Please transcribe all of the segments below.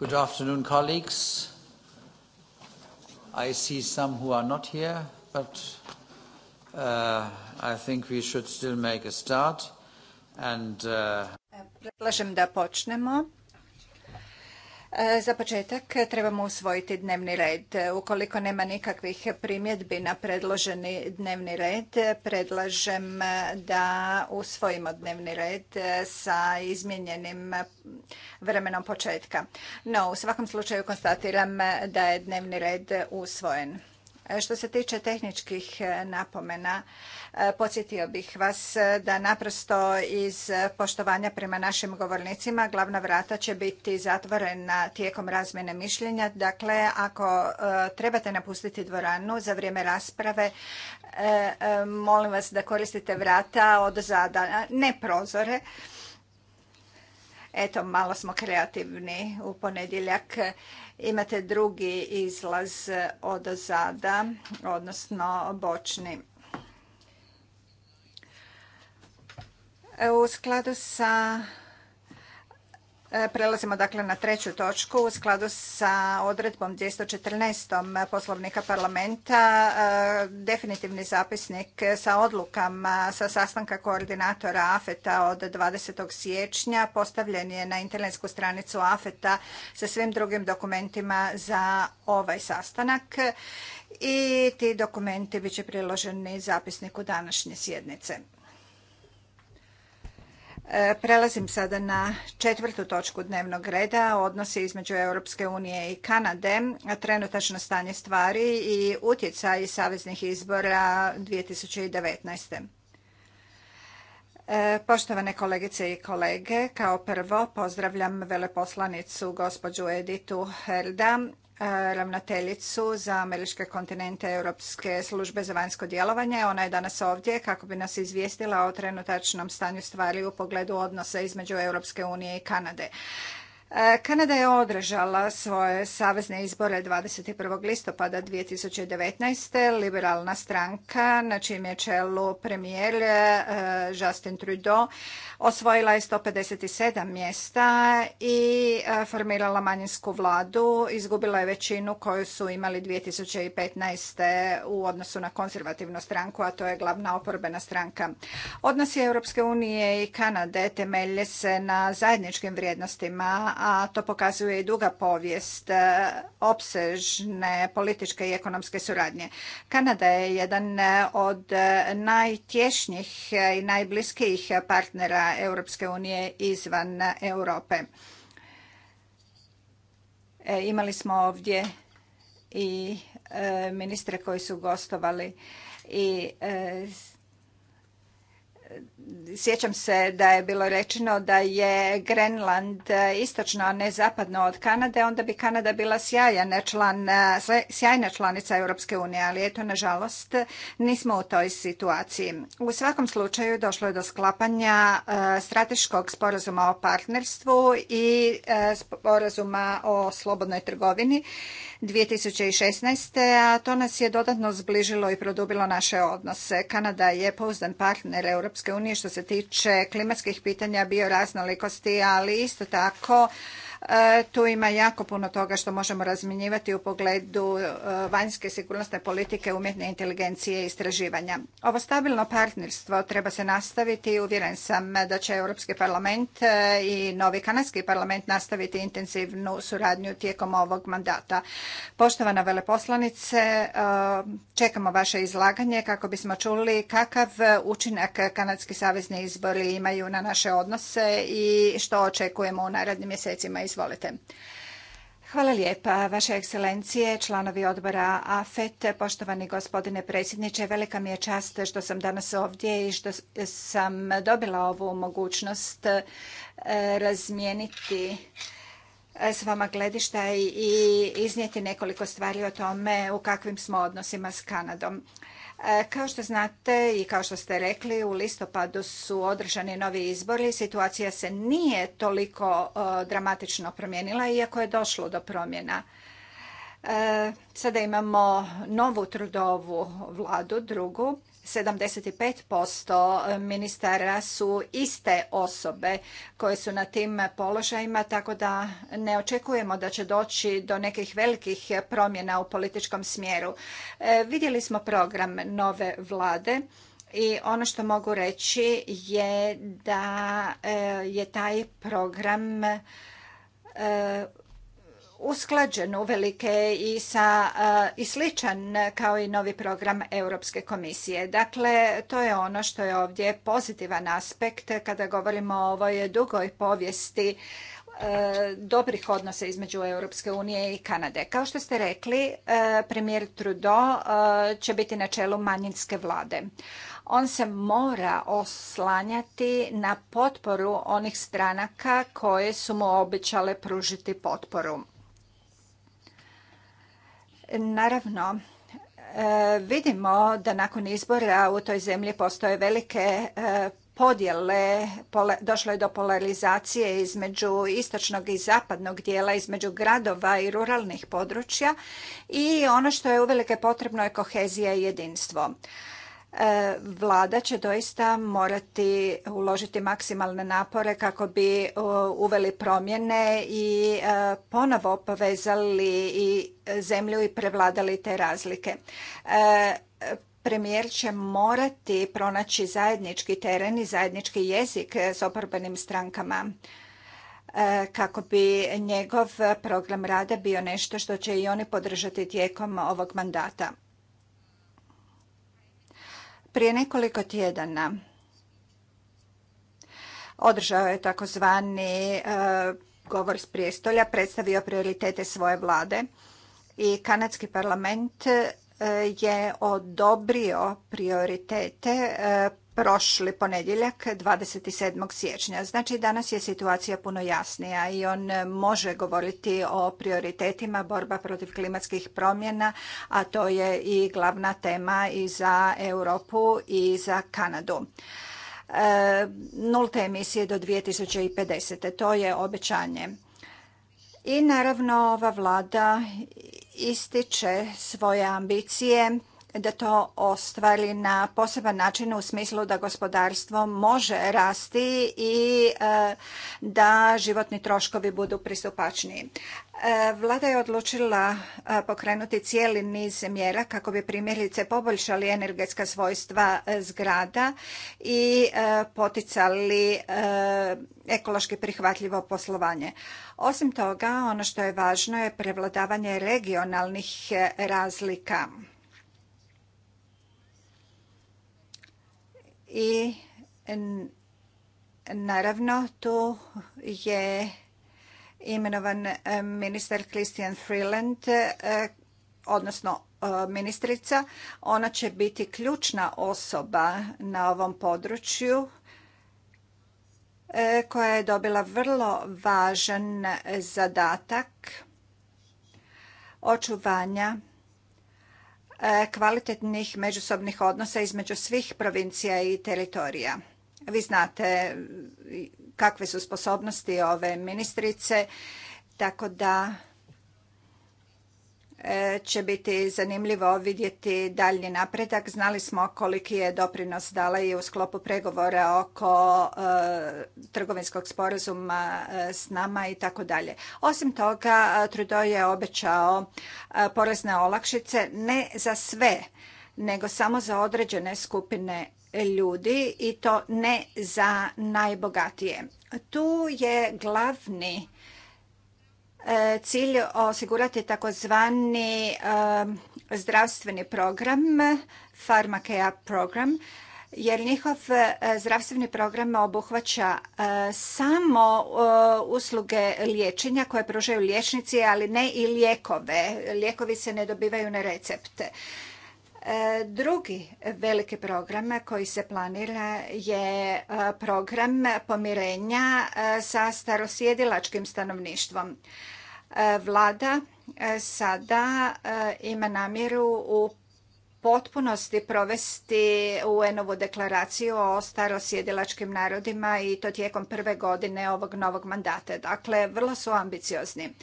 Good afternoon, colleagues. I see some who are not here, but uh, I think we should still make a start. And, uh... Predlažem da počnemo. E, za početak trebamo usvojiti dnevni red. Ukoliko nema nikakvih primjedbi na predloženi dnevni red, predlažem da usvojimo dnevni red sa izmjenjenim vremenom početka. No, u svakom slučaju konstatiram da je dnevni red usvojen. Što se tiče tehničkih e, napomena, e, podsjetio bih vas e, da naprosto iz poštovanja prema našim govornicima glavna vrata će biti zatvorena tijekom razmjene mišljenja. Dakle, ako trebate napustiti dvoranu za vrijeme rasprave, molim vas da koristite vrata od zadana, ne prozore. Eto, malo smo kreativni u ponedjeljak. Imate drugi izlaz od zada, odnosno bočni. U skladu sa E, prelazimo dakle na treću točku. U skladu sa odredbom 214. poslovnika parlamenta e, definitivni zapisnik sa odlukama sa sastanka koordinatora AFETA od 20. siječnja postavljen je na internetsku stranicu AFETA sa svim drugim dokumentima za ovaj sastanak i ti dokumenti bit će priloženi zapisniku današnje sjednice. Prelazim sada na četvrtu točku dnevnog reda, odnose između Europske unije i Kanade, trenutačno stanje stvari i utjecaj saveznih izbora 2019. E, poštovane kolegice i kolege, kao prvo pozdravljam veleposlanicu gospođu Editu Herda, e, ravnateljicu za Američke kontinente Europske službe za vanjsko djelovanje. Ona je danas ovdje kako bi nas izvijestila o trenutačnom stanju stvari u pogledu odnosa između Europske unije i Kanade. E, Kanada je održala svoje savezne izbore 21. listopada 2019. Liberalna stranka, na čijem je čelu premijer e, Justin Trudeau, osvojila je 157 mjesta i e, formirala manjinsku vladu. Izgubila je većinu koju su imali 2015. u odnosu na konzervativnu stranku, a to je glavna oporbena stranka. Odnosi Europske unije i Kanade temelje se na zajedničkim vrijednostima, a to pokazuje i duga povijest e, opsežne političke i ekonomske suradnje. Kanada je jedan e, od e, najtješnjih i najbliskijih partnera Europske unije izvan Europe. Imali smo ovdje i ministre koji su gostovali i Sjećam se da je bilo rečeno da je Grenland e, istočno, a ne zapadno od Kanade, onda bi Kanada bila sjajna, član, e, sjajna članica Europske unije, ali eto, nažalost, nismo u toj situaciji. U svakom slučaju došlo je do sklapanja e, strateškog sporazuma o partnerstvu i sporazuma o slobodnoj trgovini 2016. a to nas je dodatno zbližilo i produbilo naše odnose. Kanada je pouzdan partner Europske unije što se tiče klimatskih pitanja bioraznolikosti, ali isto tako E, tu ima jako puno toga što možemo razminjivati u pogledu e, vanjske sigurnosne politike, umjetne inteligencije i istraživanja. Ovo stabilno partnerstvo treba se nastaviti i uvjeren sam da će Europski parlament e, i novi kanadski parlament nastaviti intenzivnu suradnju tijekom ovog mandata. Poštovana veleposlanice, čekamo vaše izlaganje kako bismo čuli kakav učinak kanadski savezni izbori imaju na naše odnose i što očekujemo u narednim mjesecima i Izvolite. Hvala lijepa, Vaše ekscelencije, članovi odbora AFET, poštovani gospodine predsjedniče. Velika mi je čast što sam danas ovdje i što sam dobila ovu mogućnost e, razmijeniti e, s vama gledišta i iznijeti nekoliko stvari o tome u kakvim smo odnosima s Kanadom. E, kao što znate i kao što ste rekli, u listopadu su održani novi izbori. Situacija se nije toliko e, dramatično promijenila, iako je došlo do promjena. E, sada imamo novu trudovu vladu, drugu, 75% ministara su iste osobe koje su na tim položajima, tako da ne očekujemo da će doći do nekih velikih promjena u političkom smjeru. E, vidjeli smo program nove vlade i ono što mogu reći je da e, je taj program e, usklađen uvelike i, sa, e, i sličan kao i novi program Europske komisije. Dakle, to je ono što je ovdje pozitivan aspekt kada govorimo o ovoj dugoj povijesti e, dobrih odnosa između Europske unije i Kanade. Kao što ste rekli, e, premijer Trudeau će biti na čelu manjinske vlade. On se mora oslanjati na potporu onih stranaka koje su mu običale pružiti potporu. Naravno, e, vidimo da nakon izbora u toj zemlji postoje velike e, podjele, došlo je do polarizacije između istočnog i zapadnog dijela, između gradova i ruralnih područja i ono što je uvelike potrebno je kohezija i jedinstvo. E, Vlada će doista morati uložiti maksimalne napore kako bi uveli promjene i e, ponovo povezali i zemlju i prevladali te razlike e, premijer će morati pronaći zajednički teren i zajednički jezik s oporbenim strankama kako bi njegov program rada bio nešto što će i oni podržati tijekom ovog mandata. Prije nekoliko tjedana održao je takozvani e, govor s prijestolja, predstavio prioritete svoje vlade i kanadski parlament e, je odobrio prioritete e, prošli ponedjeljak 27. siječnja. Znači danas je situacija puno jasnija i on može govoriti o prioritetima borba protiv klimatskih promjena, a to je i glavna tema i za Europu i za Kanadu e, nulte emisije do 2050. To je obećanje. I naravno ova vlada ističe svoje ambicije da to ostvari na poseban način u smislu da gospodarstvo može rasti i e, da životni troškovi budu pristupačniji. E, Vlada je odlučila e, pokrenuti cijeli niz mjera kako bi primjerice poboljšali energetska svojstva zgrada i poticali ekološki prihvatljivo poslovanje. Osim toga, ono što je važno je prevladavanje regionalnih razlika i naravno tu je imenovan e, ministar Christian Freeland, e, odnosno e, ministrica. Ona će biti ključna osoba na ovom području koja je dobila vrlo važan zadatak očuvanja kvalitetnih međusobnih odnosa između svih provincija i teritorija. Vi znate kakve su sposobnosti ove ministrice, tako da E, će biti zanimljivo vidjeti daljnji napredak. Znali smo koliki je doprinos dala i u sklopu pregovora oko e, trgovinskog sporazuma e, s nama i tako dalje. Osim toga, Trudeau je obećao porezne olakšice ne za sve, nego samo za određene skupine ljudi i to ne za najbogatije. Tu je glavni E, cilj osigurati takozvani e, zdravstveni program, Pharmacare program, jer njihov e, zdravstveni program obuhvaća samo usluge liječenja koje pružaju liječnici, ali ne i lijekove. Lijekovi se ne dobivaju na recepte. E, drugi veliki program koji se planira je e, program pomirenja e, sa starosjedilačkim stanovništvom. Vlada sada ima namjeru u potpunosti provesti UN-ovu deklaraciju o starosjedilačkim narodima i to tijekom prve godine ovog novog mandata. Dakle, vrlo su ambiciozni.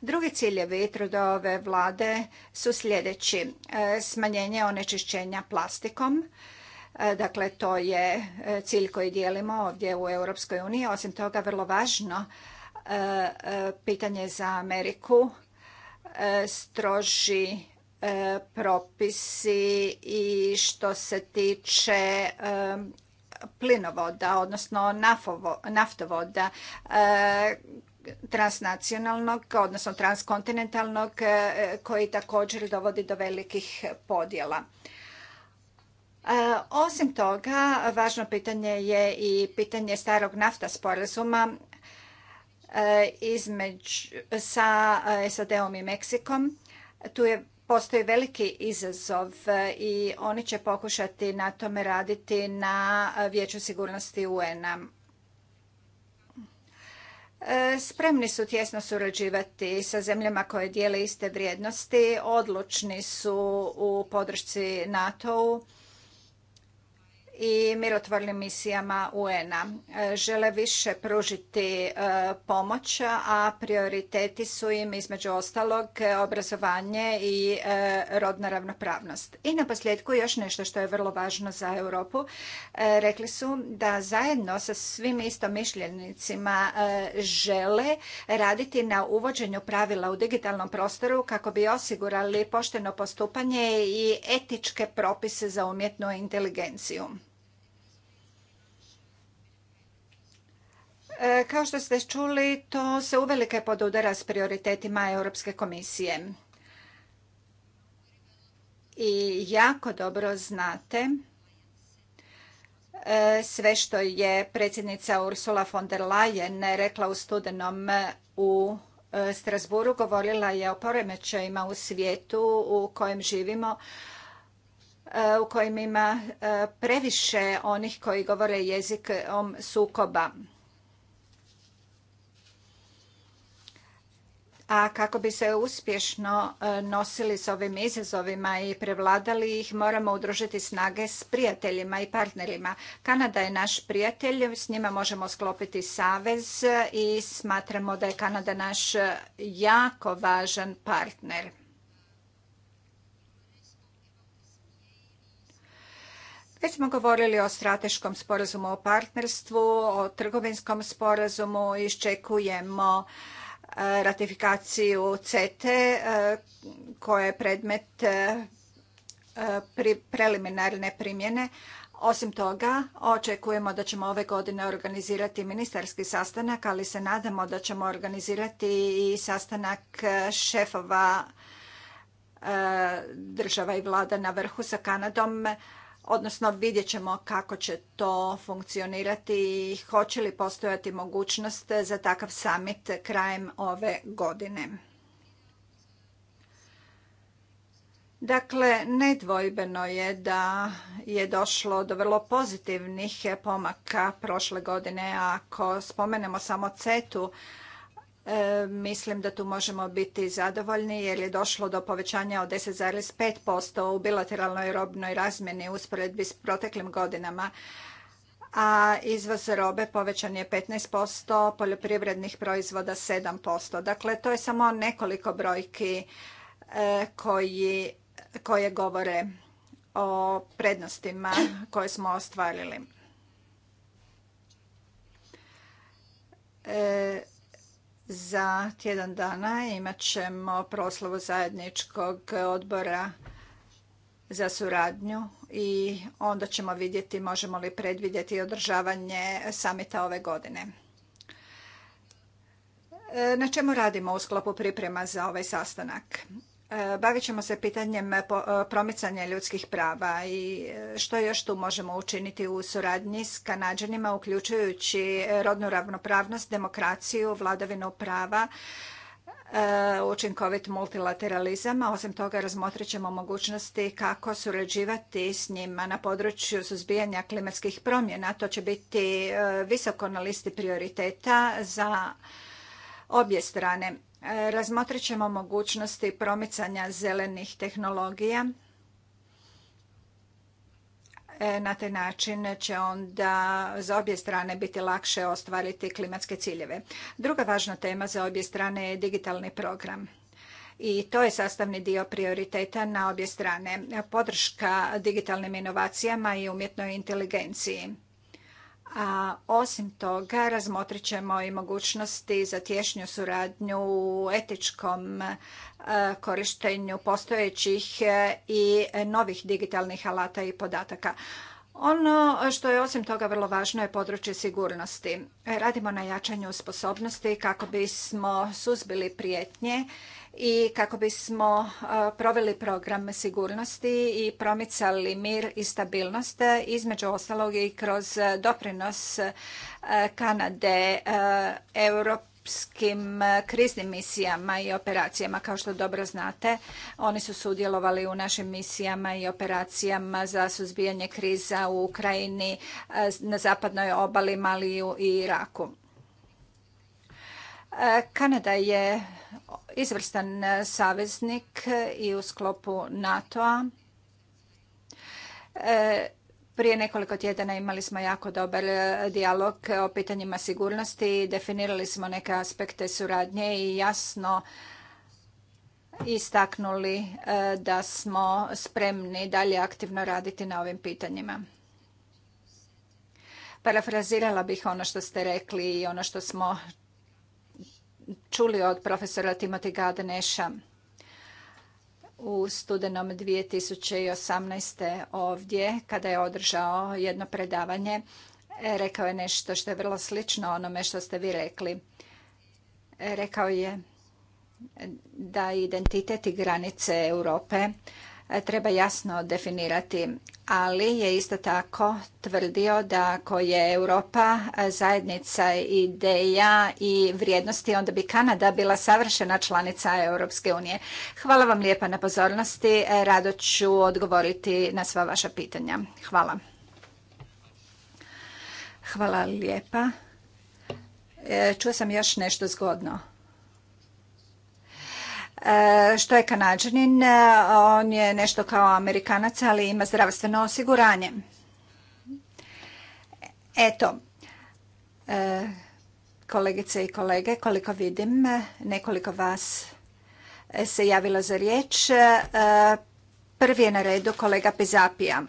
Drugi ciljevi trudove vlade su sljedeći. E, smanjenje onečišćenja plastikom, e, Dakle, to je e, cilj koji dijelimo ovdje u Europskoj uniji. Osim toga, vrlo važno pitanje za Ameriku, stroži E, propisi i što se tiče e, plinovoda, odnosno naftovoda e, transnacionalnog, odnosno transkontinentalnog, koji također dovodi do velikih podjela. Osim toga, važno pitanje je i pitanje starog nafta sporazuma između, sa SAD-om i Meksikom. Tu je postoji veliki izazov e, i oni će pokušati na tome raditi na Vijeću sigurnosti UN-a. E, spremni su tjesno surađivati sa zemljama koje dijele iste vrijednosti, odlučni su u podršci NATO-u i mirotvornim misijama UN-a. Žele više pružiti e, pomoć, a prioriteti su im između ostalog obrazovanje i e, rodna ravnopravnost. I na posljedku još nešto što je vrlo važno za Europu. E, rekli su da zajedno sa svim istomišljenicima žele raditi na uvođenju pravila u digitalnom prostoru kako bi osigurali pošteno postupanje i etičke propise za umjetnu inteligenciju. E, kao što ste čuli, to se uvelike podudara s prioritetima Europske komisije. I jako dobro znate e, sve što je predsjednica Ursula von der Leyen rekla u studenom u e, Strasburu. Govorila je o poremećajima u svijetu u kojem živimo, u kojem ima previše onih koji govore jezikom sukoba a kako bi se uspješno e, nosili s ovim izazovima i prevladali ih, moramo udružiti snage s prijateljima i partnerima. Kanada je naš prijatelj, s njima možemo sklopiti savez i smatramo da je Kanada naš e, jako važan partner. Već smo govorili o strateškom sporazumu o partnerstvu, o trgovinskom sporazumu, iščekujemo ratifikaciju CT koja je predmet e, preliminarne primjene. Osim toga, očekujemo da ćemo ove godine organizirati ministarski sastanak, ali se nadamo da ćemo organizirati i sastanak e, šefova e, država i vlada na vrhu sa Kanadom odnosno vidjet ćemo kako će to funkcionirati i hoće li postojati mogućnost za takav summit krajem ove godine. Dakle, nedvojbeno je da je došlo do vrlo pozitivnih pomaka prošle godine. Ako spomenemo samo CETU, E, mislim da tu možemo biti zadovoljni jer je došlo do povećanja od 10,5% u bilateralnoj robnoj razmjeni usporedbi s proteklim godinama, a izvoz robe povećan je 15%, poljoprivrednih proizvoda 7%. Dakle, to je samo nekoliko brojki e, koje govore o prednostima koje smo ostvarili. E, za tjedan dana imat ćemo proslavu zajedničkog odbora za suradnju i onda ćemo vidjeti možemo li predvidjeti održavanje samita ove godine. E, na čemu radimo u sklopu priprema za ovaj sastanak? E, bavit ćemo se pitanjem e, e, promicanja ljudskih prava i što još tu možemo učiniti u suradnji s Kanađanima uključujući rodnu ravnopravnost, demokraciju, vladavinu prava, učinkovit multilateralizam, osim toga razmotrit ćemo mogućnosti kako surađivati s njima na području suzbijanja klimatskih promjena. To će biti visoko na listi prioriteta za obje strane. Razmotrit ćemo mogućnosti promicanja zelenih tehnologija. E, na taj način će onda za obje strane biti lakše ostvariti klimatske ciljeve. Druga važna tema za obje strane je digitalni program i to je sastavni dio prioriteta na obje strane. Podrška digitalnim inovacijama i umjetnoj inteligenciji. A osim toga razmotrit ćemo i mogućnosti za tješnju suradnju u etičkom e, korištenju postojećih e, i novih digitalnih alata i podataka. Ono što je osim toga vrlo važno je područje sigurnosti. Radimo na jačanju sposobnosti kako bismo suzbili prijetnje i kako bismo e, proveli program sigurnosti i promicali mir i stabilnost, između ostalog i kroz doprinos e, Kanade, e, Europe, E, kriznim misijama i operacijama. Kao što dobro znate, oni su sudjelovali u našim misijama i operacijama za suzbijanje kriza u Ukrajini, e, na zapadnoj obali, Maliju i Iraku. E, Kanada je izvrstan saveznik i u sklopu NATO-a prije nekoliko tjedana imali smo jako dobar e, dijalog o pitanjima sigurnosti, definirali smo neke aspekte suradnje i jasno istaknuli e, da smo spremni dalje aktivno raditi na ovim pitanjima. Parafrazirala bih ono što ste rekli i ono što smo čuli od profesora Timothy Gardneša u studenom 2018. ovdje kada je održao jedno predavanje. E, rekao je nešto što je vrlo slično onome što ste vi rekli. E, rekao je da identitet i granice Europe treba jasno definirati, ali je isto tako tvrdio da ako je Europa zajednica ideja i vrijednosti, onda bi Kanada bila savršena članica Europske unije. Hvala vam lijepa na pozornosti. E, rado ću odgovoriti na sva vaša pitanja. Hvala. Hvala lijepa. E, čuo sam još nešto zgodno. E, što je kanadžanin, e, on je nešto kao amerikanac, ali ima zdravstveno osiguranje. Eto, e, kolegice i kolege, koliko vidim, nekoliko vas se javilo za riječ. Prvi je na redu kolega Pizapija.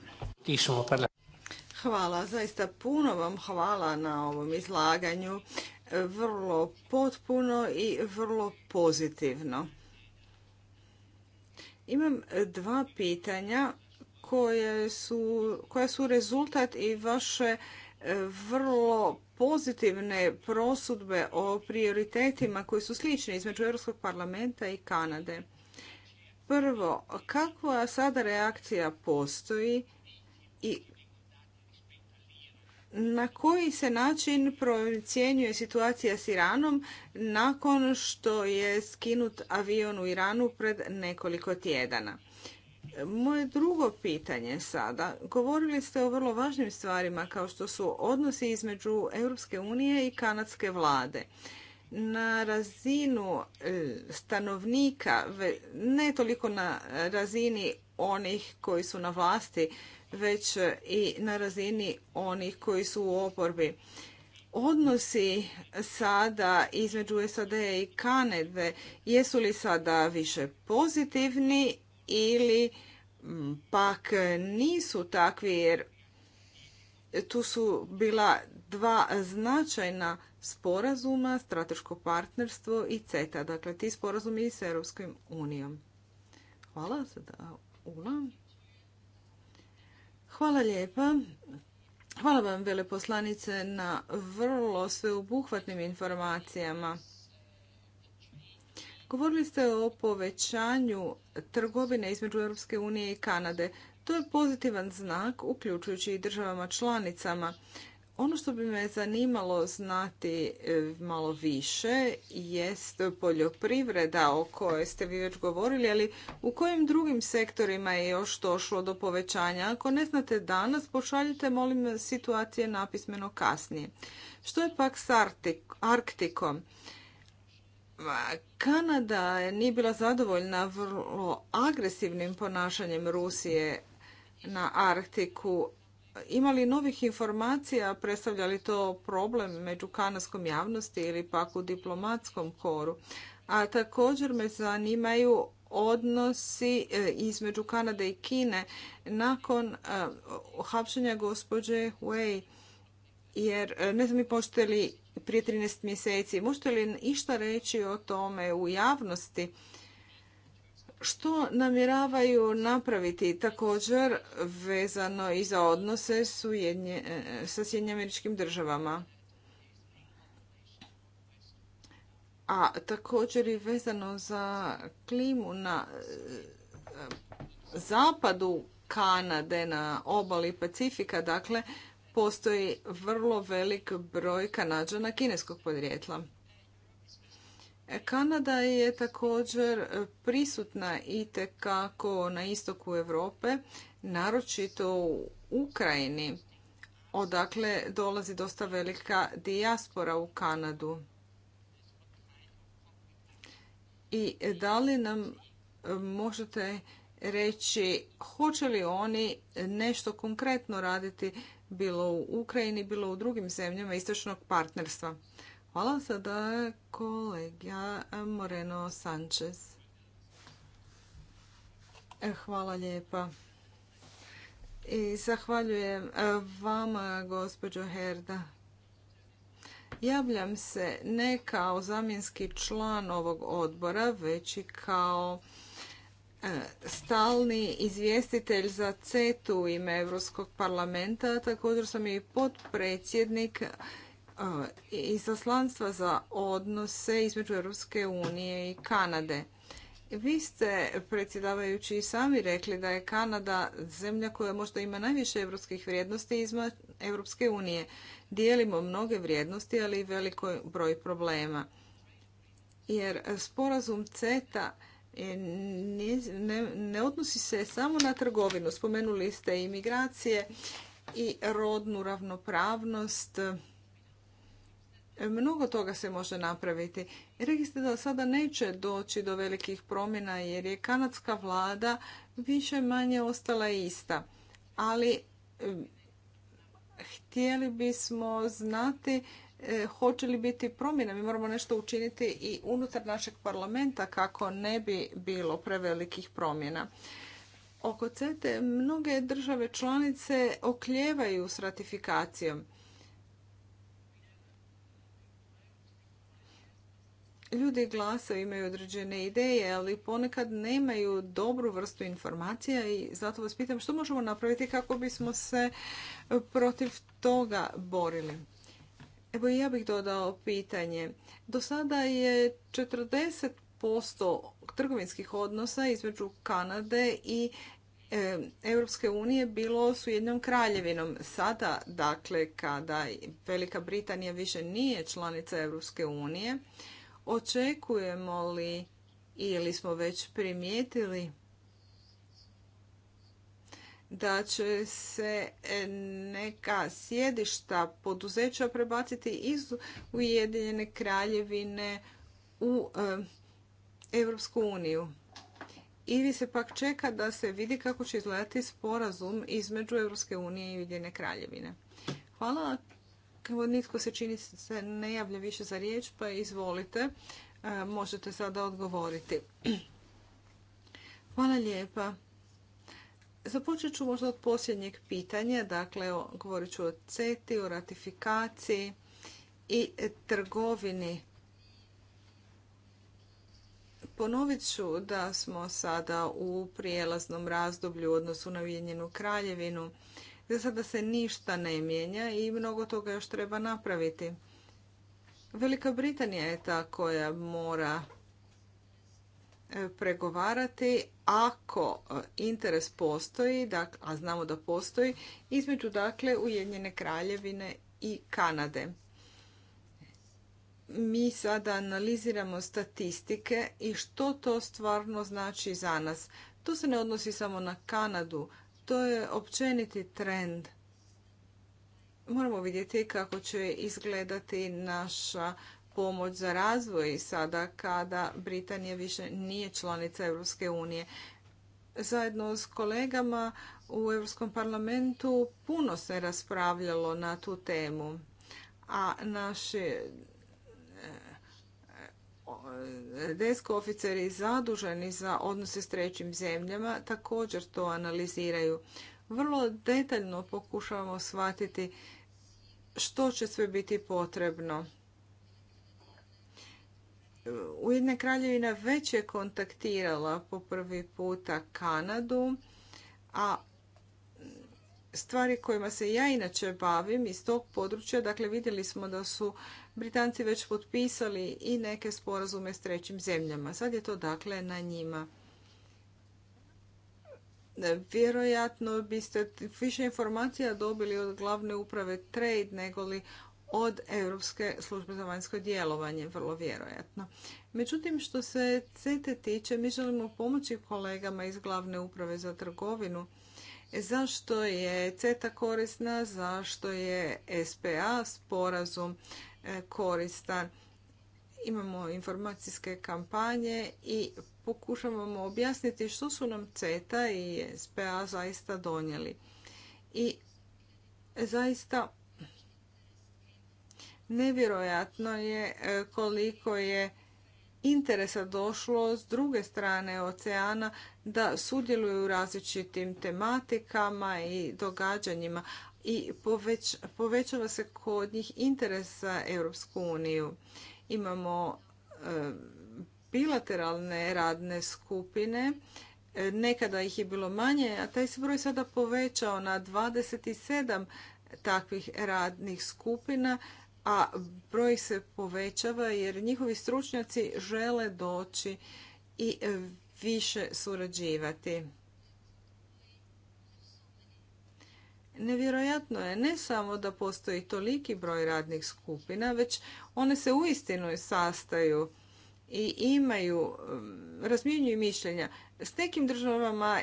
Hvala, zaista puno vam hvala na ovom izlaganju. Vrlo potpuno i vrlo pozitivno. Imam e, dva pitanja koja su rezultat i vaše e, vrlo pozitivne prosudbe o prioritetima koji su slični između Europskog parlamenta i Kanade. Prvo, kakva sada reakcija postoji i na koji se način procjenjuje situacija s Iranom nakon što je skinut avion u Iranu pred nekoliko tjedana. Moje drugo pitanje sada. Govorili ste o vrlo važnim stvarima kao što su odnosi između Europske unije i kanadske vlade. Na razinu e, stanovnika, ne toliko na razini onih koji su na vlasti, već i na razini onih koji su u oporbi. Odnosi sada između SAD i Kanade jesu li sada više pozitivni ili pak nisu takvi jer tu su bila dva značajna sporazuma, strateško partnerstvo i CETA. Dakle, ti sporazumi s Europskim unijom. Hvala za da, Hvala lijepa. Hvala vam, veleposlanice, na vrlo sveobuhvatnim informacijama. Govorili ste o povećanju trgovine između Europske unije i Kanade. To je pozitivan znak, uključujući i državama članicama. Ono što bi me zanimalo znati e, malo više jest poljoprivreda o kojoj ste vi već govorili, ali u kojim drugim sektorima je još došlo do povećanja? Ako ne znate danas, pošaljite molim situacije napismeno kasnije. Što je pak s Arktikom? Kanada nije bila zadovoljna vrlo agresivnim ponašanjem Rusije na Arktiku, imali novih informacija, predstavlja li to problem među kanadskom javnosti ili pak u diplomatskom koru? A također me zanimaju odnosi e, između Kanade i Kine nakon e, hapšenja gospođe Wei. Jer e, ne znam mi li prije 13 mjeseci, možete li išta reći o tome u javnosti? Što namjeravaju napraviti također vezano i za odnose sa Sjednjim američkim državama? A također i vezano za klimu na e, zapadu Kanade, na obali Pacifika, dakle, postoji vrlo velik broj kanadžana kineskog podrijetla. Kanada je također prisutna i tekako na istoku Europe, naročito u Ukrajini, odakle dolazi dosta velika dijaspora u Kanadu. I da li nam možete reći hoće li oni nešto konkretno raditi bilo u Ukrajini, bilo u drugim zemljama istočnog partnerstva? Hvala. Sada je Moreno Sanchez. E, hvala lijepa. I zahvaljujem e, vama, gospođo Herda. Javljam se ne kao zamjenski član ovog odbora, već i kao e, stalni izvjestitelj za CETU u ime Europskog parlamenta, također sam i potpredsjednik izaslanstva za odnose između Europske unije i Kanade. Vi ste, predsjedavajući, sami rekli da je Kanada zemlja koja možda ima najviše europskih vrijednosti iz Europske unije. Dijelimo mnoge vrijednosti, ali i velik broj problema. Jer sporazum CETA e, ne, odnosi se samo na trgovinu. Spomenuli ste imigracije i rodnu ravnopravnost, Mnogo toga se može napraviti. Rekli da sada neće doći do velikih promjena jer je kanadska vlada više manje ostala ista. Ali htjeli bismo znati eh, hoće li biti promjena. Mi moramo nešto učiniti i unutar našeg parlamenta kako ne bi bilo prevelikih promjena. Oko CETE mnoge države članice okljevaju s ratifikacijom. ljudi glasaju, imaju određene ideje, ali ponekad nemaju dobru vrstu informacija i zato vas pitam što možemo napraviti kako bismo se protiv toga borili. Evo i ja bih dodao pitanje. Do sada je 40% trgovinskih odnosa između Kanade i e, Europske unije bilo su jednom kraljevinom. Sada, dakle, kada Velika Britanija više nije članica Europske unije, Očekujemo li ili smo već primijetili da će se neka sjedišta poduzeća prebaciti iz Ujedinjene kraljevine u Europsku uniju. Ili se pak čeka da se vidi kako će izgledati sporazum između Europske unije i Ujedinjene kraljevine. Hvala Nitko se čini se ne javlja više za riječ, pa izvolite. E, možete sada odgovoriti. Hvala lijepa. Započet ću možda od posljednjeg pitanja. Dakle, govorit ću o CETI, o ratifikaciji i trgovini. Ponovit ću da smo sada u prijelaznom razdoblju u odnosu na Ujedinjenu kraljevinu za sada se ništa ne mijenja i mnogo toga još treba napraviti. Velika Britanija je ta koja mora e, pregovarati ako e, interes postoji, a znamo da postoji, između dakle Ujedinjene kraljevine i Kanade. Mi sada analiziramo statistike i što to stvarno znači za nas. To se ne odnosi samo na Kanadu, to je općeniti trend. Moramo vidjeti kako će izgledati naša pomoć za razvoj sada kada Britanija više nije članica Europske unije. Zajedno s kolegama u Europskom parlamentu puno se raspravljalo na tu temu, a naše E, desko oficeri zaduženi za odnose s trećim zemljama također to analiziraju. Vrlo detaljno pokušavamo shvatiti što će sve biti potrebno. Ujedna kraljevina već je kontaktirala po prvi puta Kanadu, a stvari kojima se ja inače bavim iz tog područja, dakle vidjeli smo da su Britanci već potpisali i neke sporazume s trećim zemljama. Sad je to dakle na njima. E, vjerojatno biste više informacija dobili od glavne uprave Trade nego li od Europske službe za vanjsko djelovanje, vrlo vjerojatno. Međutim, što se CETE tiče, mi želimo pomoći kolegama iz glavne uprave za trgovinu zašto je CETA korisna, zašto je SPA sporazum e, koristan. Imamo informacijske kampanje i pokušavamo objasniti što su nam CETA i SPA zaista donijeli. I zaista nevjerojatno je e, koliko je interesa došlo s druge strane oceana da sudjeluju u različitim tematikama i događanjima i poveć, povećava se kod njih interes za Europsku uniju. Imamo e, bilateralne radne skupine, e, nekada ih je bilo manje, a taj se broj sada povećao na 27 takvih radnih skupina a broj se povećava jer njihovi stručnjaci žele doći i više surađivati. Nevjerojatno je ne samo da postoji toliki broj radnih skupina, već one se uistinu sastaju i imaju, mm, razmijenjuju mišljenja. S nekim državama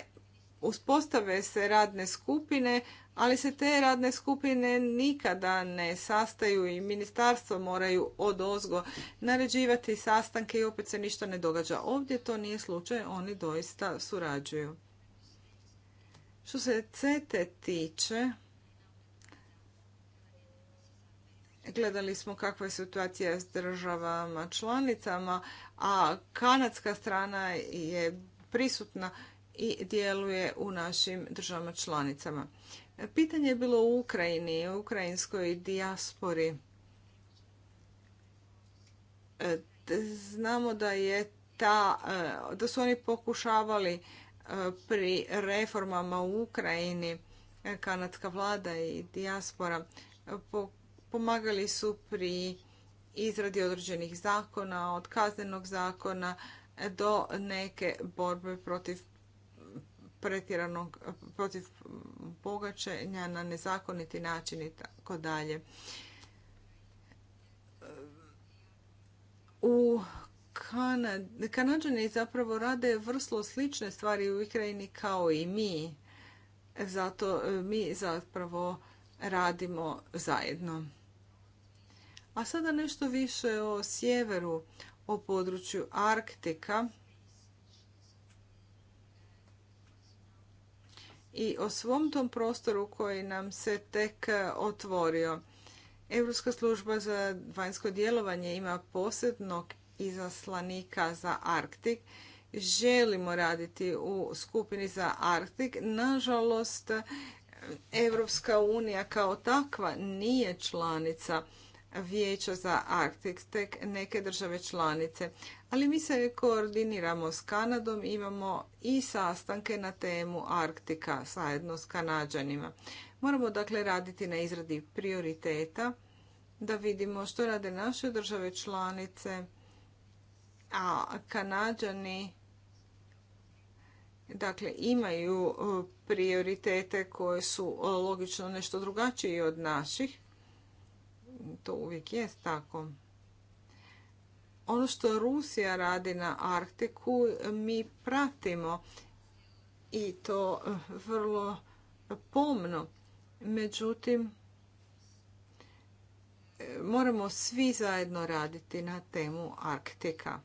uspostave se radne skupine, ali se te radne skupine nikada ne sastaju i ministarstvo moraju od ozgo naređivati sastanke i opet se ništa ne događa. Ovdje to nije slučaj, oni doista surađuju. Što se CETE tiče, gledali smo kakva je situacija s državama članicama, a kanadska strana je prisutna i djeluje u našim državama članicama. Pitanje je bilo u Ukrajini, u ukrajinskoj dijaspori. E, znamo da je ta, e, da su oni pokušavali e, pri reformama u Ukrajini, kanadska vlada i dijaspora, pomagali su pri izradi određenih zakona, od kaznenog zakona do neke borbe protiv pretjeranog protiv pogačenja na nezakoniti način i tako dalje. U Kanad, Kanadžani zapravo rade vrlo slične stvari u Ukrajini kao i mi. Zato e, mi zapravo radimo zajedno. A sada nešto više o sjeveru, o području Arktika i o svom tom prostoru koji nam se tek e, otvorio. Europska služba za vanjsko djelovanje ima posebnog izaslanika za Arktik. Želimo raditi u skupini za Arktik. Nažalost, Europska unija kao takva nije članica Vijeća za Arktik, tek neke države članice. Ali mi se koordiniramo s Kanadom, imamo i sastanke na temu Arktika zajedno s Kanađanima. Moramo dakle raditi na izradi prioriteta da vidimo što rade naše države članice, a Kanađani dakle imaju e, prioritete koje su logično nešto drugačiji od naših. To uvijek jest tako. Ono što Rusija radi na Arktiku mi pratimo i to eh, vrlo pomno. Međutim, eh, moramo svi zajedno raditi na temu Arktika.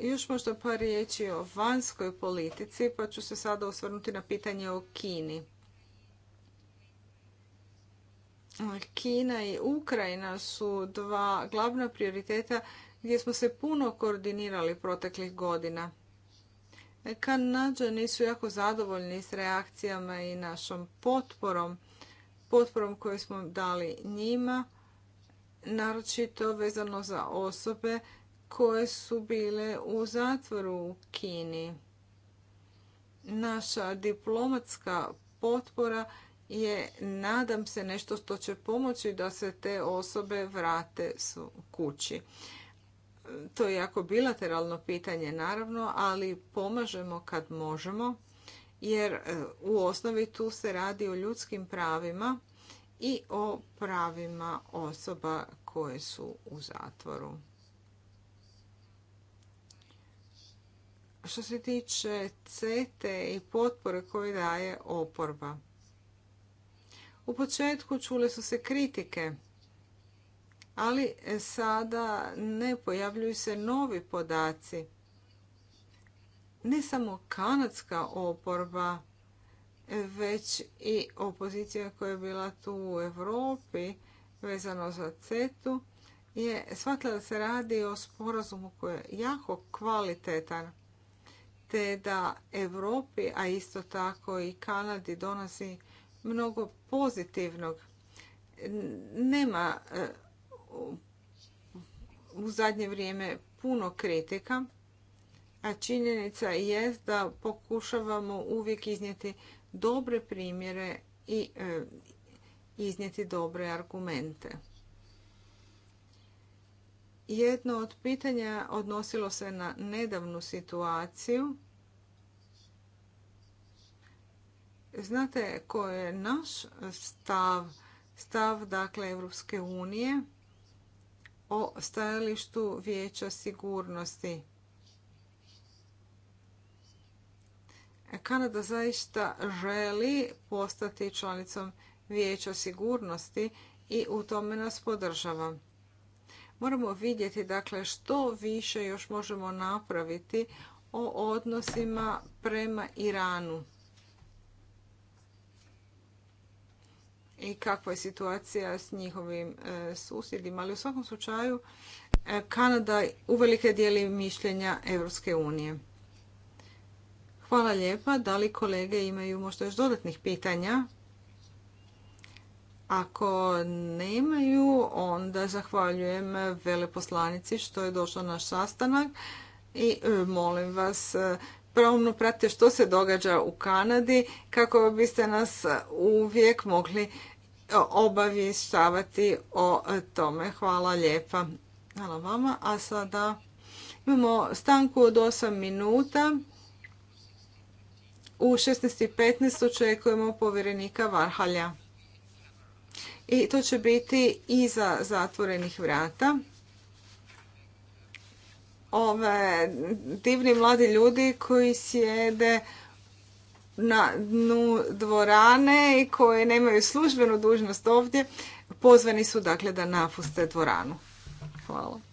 Još možda par riječi o vanjskoj politici, pa ću se sada osvrnuti na pitanje o Kini. Kina i Ukrajina su dva glavna prioriteta gdje smo se puno koordinirali proteklih godina. Kanadžani su jako zadovoljni s reakcijama i našom potporom, potporom koju smo dali njima, naročito vezano za osobe koje su bile u zatvoru u Kini. Naša diplomatska potpora je, nadam se, nešto što će pomoći da se te osobe vrate su kući. To je jako bilateralno pitanje, naravno, ali pomažemo kad možemo, jer e, u osnovi tu se radi o ljudskim pravima i o pravima osoba koje su u zatvoru. Što se tiče CETE i potpore koje daje oporba, u početku čule su se kritike, ali sada ne pojavljuju se novi podaci. Ne samo kanadska oporba, već i opozicija koja je bila tu u Europi vezano za CETU je shvatila da se radi o sporazumu koji je jako kvalitetan te da Europi, a isto tako i Kanadi donosi mnogo pozitivnog. Nema e, u zadnje vrijeme puno kritika, a činjenica je da pokušavamo uvijek iznijeti dobre primjere i e, iznijeti dobre argumente. Jedno od pitanja odnosilo se na nedavnu situaciju Znate koji je naš stav, stav dakle Europske unije o stajalištu vijeća sigurnosti. Kanada zaista želi postati članicom vijeća sigurnosti i u tome nas podržava. Moramo vidjeti dakle što više još možemo napraviti o odnosima prema Iranu. i kakva je situacija s njihovim e, susjedima. Ali u svakom slučaju e, Kanada u velike dijeli mišljenja Europske unije. Hvala lijepa. Da li kolege imaju možda još dodatnih pitanja? Ako nemaju, onda zahvaljujem veleposlanici što je došlo na naš sastanak i e, molim vas pravno pratite što se događa u Kanadi kako biste nas uvijek mogli obavještavati o tome. Hvala lijepa. Hvala vama. A sada imamo stanku od 8 minuta. U 16.15 očekujemo povjerenika Varhalja. I to će biti iza zatvorenih vrata. Ove divni mladi ljudi koji sjede na dnu dvorane i koje nemaju službenu dužnost ovdje, pozvani su dakle da napuste dvoranu. Hvala.